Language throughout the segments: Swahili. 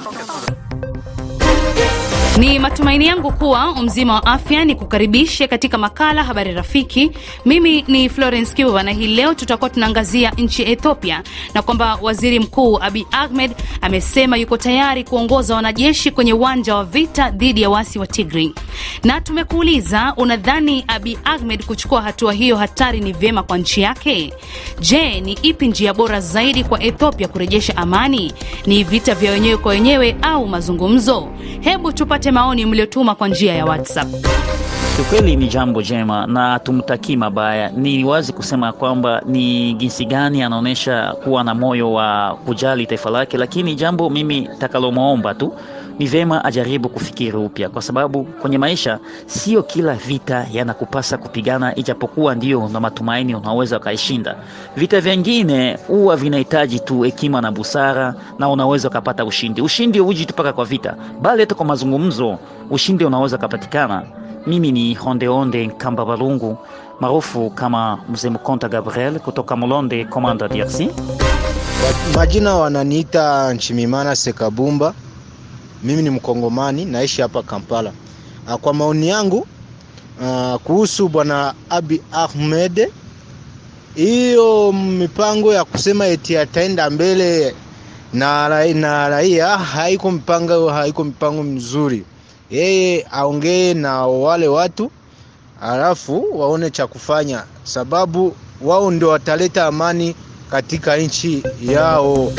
섞였어. Ni matumaini yangu kuwa mzima wa afya. Ni kukaribishe katika makala habari rafiki. Mimi ni Florence Kiva na hii leo tutakuwa tunaangazia nchi Ethiopia na kwamba waziri mkuu abi Ahmed amesema yuko tayari kuongoza wanajeshi kwenye uwanja wa vita dhidi ya waasi wa Tigray. Na tumekuuliza, unadhani abi Ahmed kuchukua hatua hiyo hatari ni vyema kwa nchi yake? Je, ni ipi njia bora zaidi kwa Ethiopia kurejesha amani? Ni vita vya wenyewe kwa wenyewe au mazungumzo? Hebu tupa tupate maoni mliotuma kwa njia ya WhatsApp. Kiukweli ni jambo jema na tumtakii mabaya. Ni wazi kusema kwamba ni jinsi gani anaonyesha kuwa na moyo wa kujali taifa lake, lakini jambo mimi takalomwomba tu ni vema ajaribu kufikiri upya, kwa sababu kwenye maisha sio kila vita yanakupasa kupigana, ijapokuwa ndio na matumaini unaweza ukaishinda. Vita vingine huwa vinahitaji tu hekima na busara, na unaweza ukapata ushindi. Ushindi uji tupaka kwa vita, bali hata kwa mazungumzo ushindi unaweza ukapatikana. Mimi ni Hondeonde kamba Balungu maarufu kama Mzee Mkonta Gabriel kutoka Mulonde commanda DRC. Majina wananiita Nchimimana Sekabumba. Mimi ni Mkongomani, naishi hapa Kampala. Ah, kwa maoni yangu uh, kuhusu bwana Abi Ahmed, hiyo mipango ya kusema eti ataenda mbele na raia haiko mipango haiko mipango mzuri. Yeye aongee na wale watu alafu waone cha kufanya, sababu wao ndio wataleta amani katika nchi yao.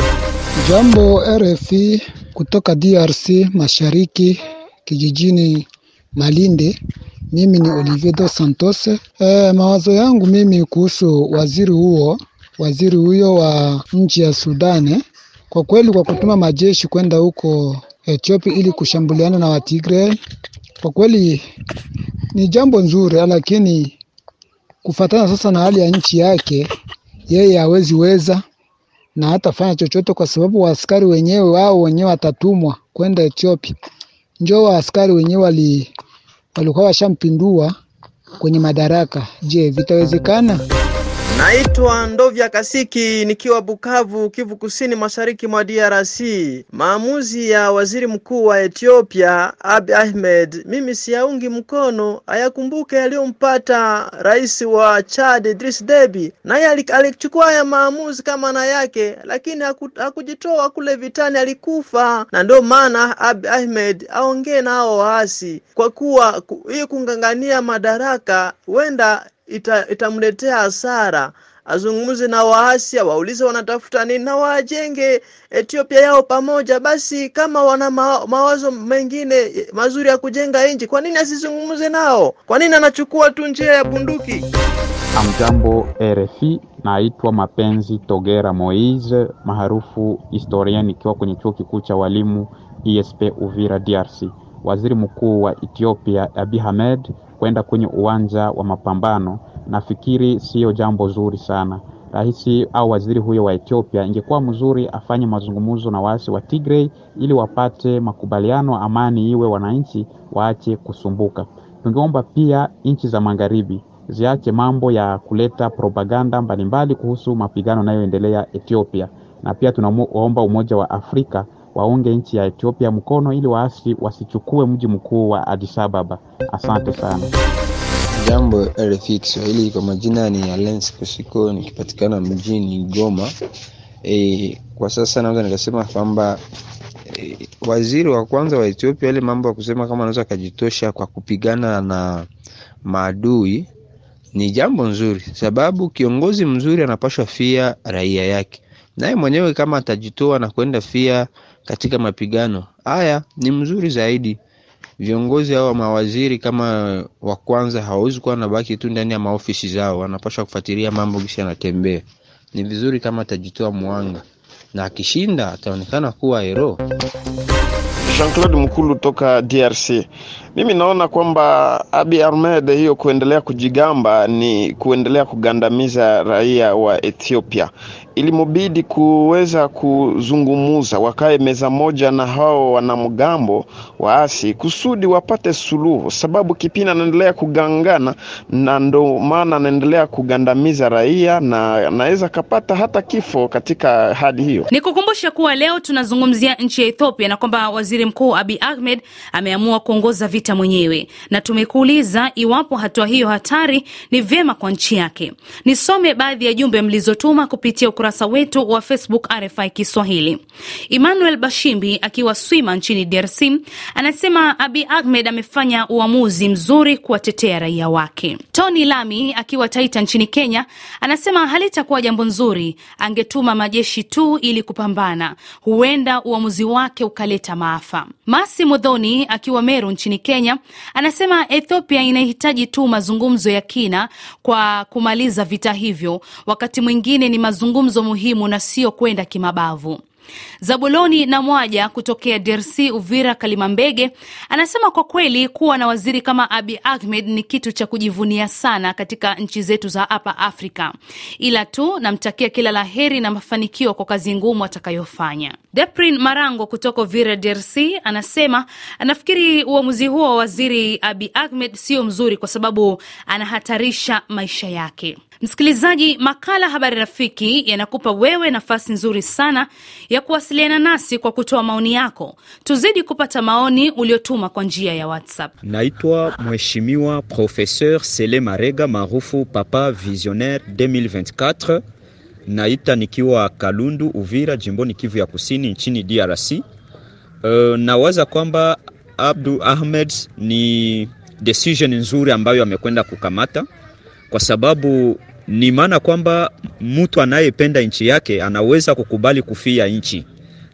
Jambo RFI kutoka DRC mashariki kijijini Malindi. Mimi ni Olivier Dos Santos. E, mawazo yangu mimi kuhusu waziri huo waziri huyo wa nchi ya Sudani eh, kwa kweli, kwa kutuma majeshi kwenda huko Ethiopia ili kushambuliana na Watigre, kwa kweli ni jambo nzuri, lakini kufatana sasa na hali ya nchi yake, yeye hawezi weza na hatafanya chochote kwa sababu waaskari wenyewe wao wenyewe watatumwa kwenda Ethiopia. njo waaskari wenyewe wali, walikuwa washampindua kwenye madaraka. Je, vitawezekana? Naitwa Ndovya Kasiki nikiwa Bukavu, Kivu Kusini, mashariki mwa DRC. Maamuzi ya waziri mkuu wa Ethiopia Abiy Ahmed mimi siyaungi mkono, ayakumbuke aliyompata rais wa Chad Idris Deby, naye alichukua haya maamuzi kama na yake, lakini hakujitoa kule vitani, alikufa. Na ndio maana Abiy Ahmed aongee nao waasi, kwa kuwa hii kung'ang'ania madaraka huenda ita, itamletea hasara azungumze na waasi waulize wanatafuta nini na wajenge Ethiopia yao pamoja basi kama wana ma, mawazo mengine mazuri ya kujenga nchi kwa nini asizungumze nao kwa nini anachukua tu njia ya bunduki Amjambo RFI naitwa Mapenzi Togera Moise maarufu historian ikiwa kwenye chuo kikuu cha walimu esp Uvira DRC Waziri Mkuu wa Ethiopia Abiy Ahmed kwenda kwenye uwanja wa mapambano, nafikiri siyo jambo zuri sana. Rais au waziri huyo wa Ethiopia, ingekuwa mzuri afanye mazungumzo na waasi wa Tigray ili wapate makubaliano, amani iwe, wananchi waache kusumbuka. Tungeomba pia nchi za magharibi ziache mambo ya kuleta propaganda mbalimbali kuhusu mapigano yanayoendelea Ethiopia, na pia tunaomba Umoja wa Afrika waunge nchi ya Ethiopia mkono ili waasi wasichukue mji mkuu wa Addis Ababa. Asante sana. Jambo RFI Kiswahili, kwa majina ni Alens Kusiko, nikipatikana mjini Goma. E, kwa sasa naweza nikasema kwamba e, waziri wa kwanza wa Ethiopia ile mambo ya kusema kama anaweza akajitosha kwa kupigana na maadui ni jambo nzuri, sababu kiongozi mzuri anapashwa fia raia yake, naye mwenyewe kama atajitoa na kwenda fia katika mapigano haya ni mzuri zaidi. Viongozi au mawaziri kama wa kwanza hawawezi kuwa nabaki tu ndani ya maofisi zao, wanapaswa kufuatilia mambo kisha yanatembea. Ni vizuri kama atajitoa mwanga na akishinda ataonekana kuwa hero. Jean Claude Mukulu toka DRC. Mimi naona kwamba abi Ahmed hiyo kuendelea kujigamba ni kuendelea kugandamiza raia wa Ethiopia. Ilimubidi kuweza kuzungumuza, wakae meza moja na hao wanamgambo waasi kusudi wapate suluhu, sababu kipindi anaendelea kugangana, na ndo maana anaendelea kugandamiza raia na anaweza kapata hata kifo katika hali hiyo. Nikukumbushe kuwa leo tunazungumzia nchi ya Ethiopia na kwamba waziri mkuu abi Ahmed ameamua kuongoza vita amejikita mwenyewe, na tumekuuliza iwapo hatua hiyo hatari ni vyema kwa nchi yake. Nisome baadhi ya jumbe mlizotuma kupitia ukurasa wetu wa Facebook RFI Kiswahili. Emmanuel Bashimbi akiwa Swima nchini DRC anasema Abi Ahmed amefanya uamuzi mzuri kuwatetea raia wake. Tony Lami akiwa Taita nchini Kenya anasema halitakuwa jambo nzuri, angetuma majeshi tu ili kupambana, huenda uamuzi wake ukaleta maafa. Masi Modhoni akiwa Meru nchini Kenya Kenya anasema Ethiopia inahitaji tu mazungumzo ya kina kwa kumaliza vita hivyo, wakati mwingine ni mazungumzo muhimu na sio kwenda kimabavu. Zabuloni na Mwaja kutokea DRC, Uvira Kalimambege, anasema kwa kweli kuwa na waziri kama Abi Ahmed ni kitu cha kujivunia sana katika nchi zetu za hapa Afrika, ila tu namtakia kila la heri na mafanikio kwa kazi ngumu atakayofanya. Deprin Marango kutoka Uvira, DRC, anasema anafikiri uamuzi huo wa waziri Abi Ahmed sio mzuri kwa sababu anahatarisha maisha yake. Msikilizaji, makala Habari Rafiki yanakupa wewe nafasi nzuri sana ya kuwasiliana nasi kwa kutoa maoni yako. Tuzidi kupata maoni uliotuma kwa njia ya WhatsApp. Naitwa Mheshimiwa profeseur Sele Marega maarufu Papa Visionnaire 2024 naita nikiwa Kalundu, Uvira, jimboni Kivu ya Kusini, nchini DRC. Uh, nawaza kwamba Abdu Ahmed ni decision nzuri ambayo amekwenda kukamata, kwa sababu ni maana kwamba mtu anayependa nchi yake anaweza kukubali kufia nchi,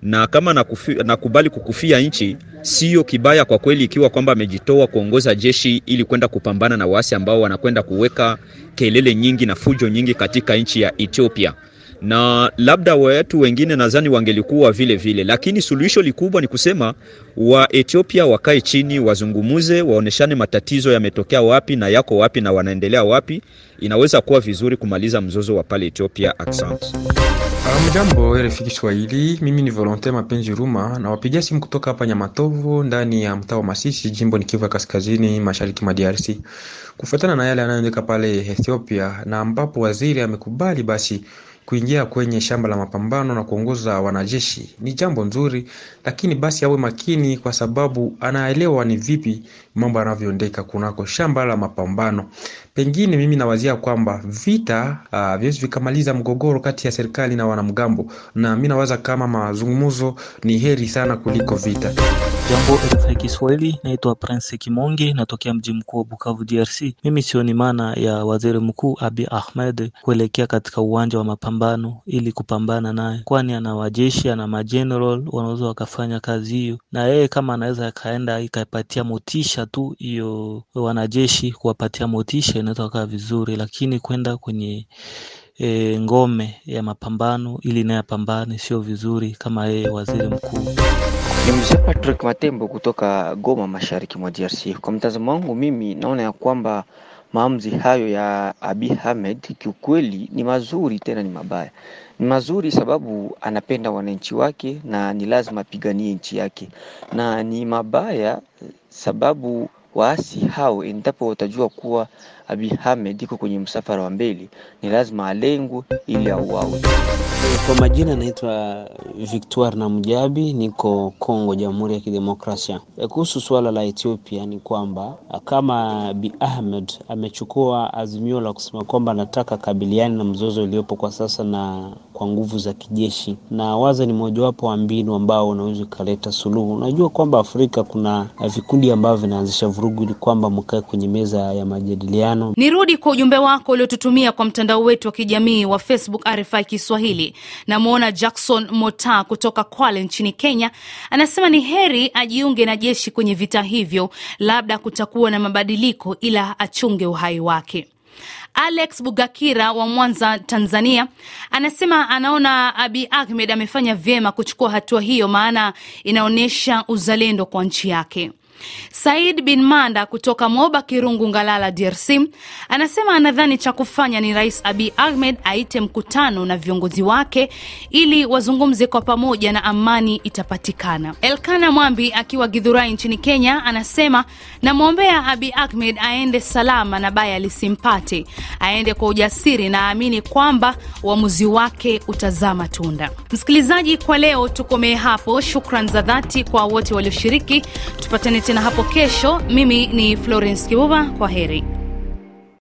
na kama nakufi, nakubali kukufia nchi sio kibaya kwa kweli, ikiwa kwamba amejitoa kuongoza jeshi ili kwenda kupambana na waasi ambao wanakwenda kuweka kelele nyingi na fujo nyingi katika nchi ya Ethiopia na labda watu wengine nadhani wangelikuwa vile vile, lakini suluhisho likubwa ni kusema wa Ethiopia wakae chini, wazungumuze, waoneshane matatizo yametokea wapi na yako wapi na wanaendelea wapi. Inaweza kuwa vizuri kumaliza mzozo wa pale Ethiopia. Accent ah, Mjambo RFI Kiswahili, mimi ni Volontaire Mapenzi Ruma na wapigia simu kutoka hapa Nyamatovu ndani ya mtaa wa Masisi, jimbo ni Kivu ya Kaskazini, mashariki mwa DRC, kufuatana na yale yanayoendeka pale Ethiopia na ambapo waziri amekubali basi kuingia kwenye shamba la mapambano na kuongoza wanajeshi ni jambo nzuri, lakini basi awe makini, kwa sababu anaelewa ni vipi mambo yanavyoendeka kunako shamba la mapambano. Pengine mimi nawazia kwamba vita uh, vikamaliza mgogoro kati ya serikali na wanamgambo, na mimi nawaza kama mazungumzo ni heri sana kuliko vita. Jambo RFI Kiswahili, naitwa Prince Kimonge, natokea mji mkuu wa Bukavu, DRC. Mimi sioni maana ya waziri mkuu Abi Ahmed kuelekea katika uwanja wa mapambano mapambano ili kupambana naye kwani ana wajeshi, ana majeneral wanaweza wakafanya kazi hiyo, na yeye kama anaweza akaenda ikaipatia motisha tu hiyo wanajeshi, kuwapatia motisha inaweza kaa vizuri, lakini kwenda kwenye e, ngome ya mapambano ili naye apambane sio vizuri kama yeye waziri mkuu. Ni mzee Patrick Matembo kutoka Goma, mashariki mwa DRC. Kwa mtazamo wangu mimi naona ya kwamba Maamuzi hayo ya Abi Ahmed kiukweli ni mazuri, tena ni mabaya. Ni mazuri sababu anapenda wananchi wake na ni lazima apiganie nchi yake, na ni mabaya sababu Waasi hao endapo watajua kuwa Abiy Ahmed iko kwenye msafara wa mbele, ni lazima alengwe ili auawe. Kwa majina naitwa Victoire na Mujabi, niko Kongo, Jamhuri ya Kidemokrasia. E, kuhusu suala la Ethiopia ni kwamba kama Abiy Ahmed amechukua azimio la kusema kwamba anataka kabiliani na mzozo uliopo kwa sasa na kwa nguvu za kijeshi, na waza ni mojawapo wa mbinu ambao unaweza ukaleta suluhu. Unajua kwamba Afrika kuna eh, vikundi ambavyo vinaanzisha vurugu ili kwamba mkae kwenye meza ya majadiliano. Nirudi kwa ujumbe wako uliotutumia kwa mtandao wetu wa kijamii wa Facebook RFI Kiswahili. Namwona Jackson Mota kutoka Kwale nchini Kenya, anasema ni heri ajiunge na jeshi kwenye vita hivyo, labda kutakuwa na mabadiliko, ila achunge uhai wake. Alex Bugakira wa Mwanza, Tanzania, anasema anaona Abi Ahmed amefanya vyema kuchukua hatua hiyo, maana inaonyesha uzalendo kwa nchi yake. Said bin Manda kutoka Moba Kirungu, Ngalala, DRC anasema anadhani cha kufanya ni Rais abi Ahmed aite mkutano na viongozi wake ili wazungumze kwa pamoja na amani itapatikana. Elkana Mwambi akiwa Githurai nchini Kenya anasema namwombea abi Ahmed aende salama na baya lisimpate, aende kwa ujasiri na aamini kwamba uamuzi wake utazaa matunda. Msikilizaji, kwa leo tukomee hapo. Shukran za dhati kwa wote walioshiriki, tupatane tena hapo kesho. Mimi ni Florence Kibuba, kwa heri.